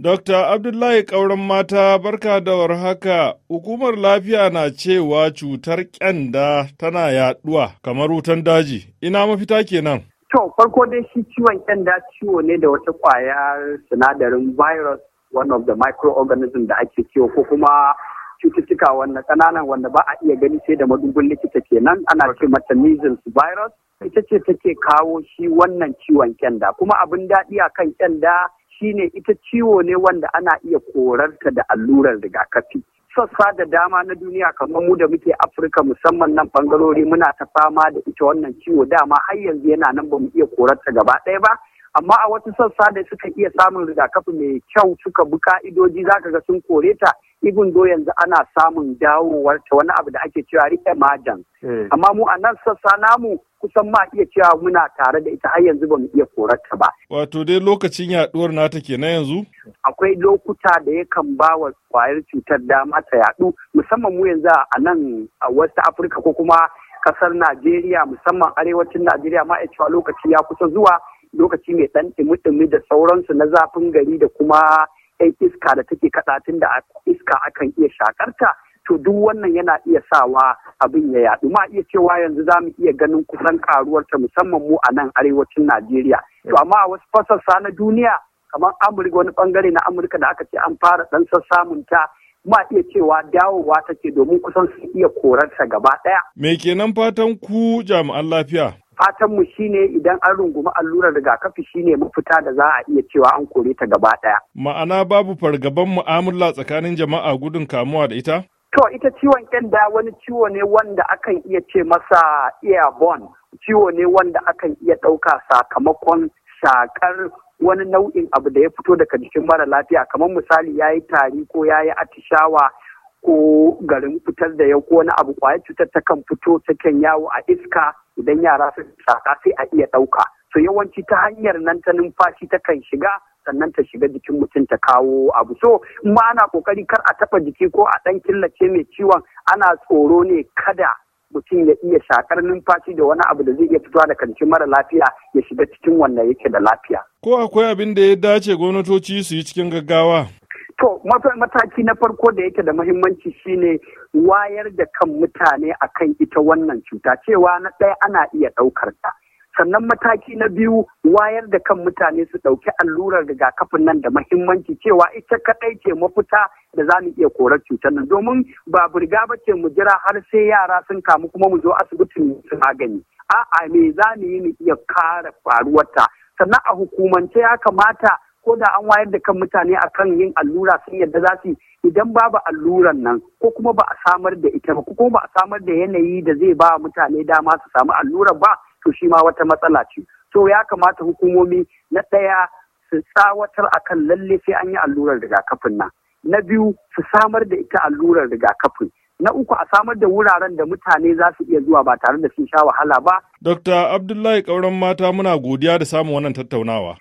Dr. Abdullahi Ƙauren Mata barka da warhaka, hukumar lafiya na cewa cutar kyanda tana yaɗuwa kamar wutan daji, ina mafita kenan. To, farko dai shi ciwon kyanda ciwo ne da wata ƙwayar sinadarin virus, one of the microorganism da ake ciwo ko kuma cututtuka wanda ƙananan wanda ba a iya gani sai da madubin likita kenan ana ce mata measles virus. Ita ce take kawo shi wannan ciwon kyanda, kuma abin daɗi a kan kyanda. Shi ne ita ciwo ne wanda ana iya korarta da allurar rigakafi. Sassa da dama na duniya kamar mu da muke Afirka musamman nan bangarori muna ta fama da ita wannan ciwo dama har yanzu yana nan ba mu iya korarta gaba ɗaya ba. amma a wasu sassa da suka iya samun rigakafi mai kyau suka bi ka'idoji za ka ga sun kore ta igun do yanzu ana samun dawowar ta wani abu da ake cewa rike majan eh. amma mu a nan sassa namu kusan ma iya cewa muna tare da ita har yanzu ba mu iya korar ta ba wato dai lokacin yaduwar nata na yanzu akwai lokuta da ya kan ba wa kwayar cutar dama ta yadu musamman mu yanzu a nan a wasu afirka ko kuma kasar najeriya musamman arewacin najeriya ma lokaci ya kusa zuwa lokaci mai ɗan ɗumi da sauransu na zafin gari da kuma yan iska da take kaɗa da iska akan iya shakarta to duk wannan yana iya sawa abin ya yaɗu ma iya cewa yanzu za mu iya ganin kusan karuwarta musamman mu a nan arewacin Najeriya to amma a wasu fasassa na duniya kamar Amurka wani bangare na Amurka da aka ce an fara ɗan samun ta ma iya cewa dawowa take domin kusan su iya korarsa gaba ɗaya. Me kenan fatan ku jami'an lafiya? fatan mu shine idan an rungumi allurar rigakafi shine mafita da za a iya cewa an kore ta gaba ɗaya. Ma'ana babu fargaban mu'amala tsakanin jama'a gudun kamuwa da ita? To ita ciwon kyanda wani ciwo ne wanda akan iya ce masa airborne, ciwo ne wanda akan iya ɗauka sakamakon shakar wani nau'in abu da ya fito daga jikin mara lafiya kamar misali ya yi tari ko ya yi atishawa ko garin fitar da yau ko wani abu kwayar cutar ta kan fito kan yawo a iska idan yara su saka sai a iya ɗauka so yawanci ta hanyar nan ta numfashi ta kan shiga sannan ta shiga jikin mutum ta kawo abu so in ma ana kokari kar a taɓa jiki ko a ɗan killace mai ciwon ana tsoro ne kada mutum ya iya shakar numfashi da wani abu da zai iya fitowa da kanci mara lafiya ya shiga cikin wannan yake da lafiya. Ko akwai abin da ya dace gwamnatoci su yi cikin gaggawa? To mataki na farko da yake da mahimmanci shine wayar da kan mutane akan ita wannan cuta cewa na ɗaya ana iya ɗaukar ta. Sannan mataki na biyu wayar da kan mutane su ɗauki allurar rigakafin nan da mahimmanci cewa ita kaɗai ce mafita da za mu iya korar cutar nan domin ba burga ba ce mu jira har sai yara sun kamu kuma mu zo asibitin su magani. A'a me za mu yi mu iya kare faruwarta sannan a hukumance ya kamata ko da an wayar da kan mutane akan yin allura sun yadda za su idan babu alluran nan ko kuma ba a samar da ita ba ko ba a samar da yanayi da zai ba mutane dama su samu alluran ba to shi ma wata matsala ce to ya kamata hukumomi na ɗaya su tsawatar akan lalle sai an yi allurar rigakafin nan na biyu su samar da ita allurar rigakafin na uku a samar da wuraren da mutane za su iya zuwa ba tare da sun sha wahala ba. Dr. Abdullahi Kauran Mata muna godiya da samun wannan tattaunawa.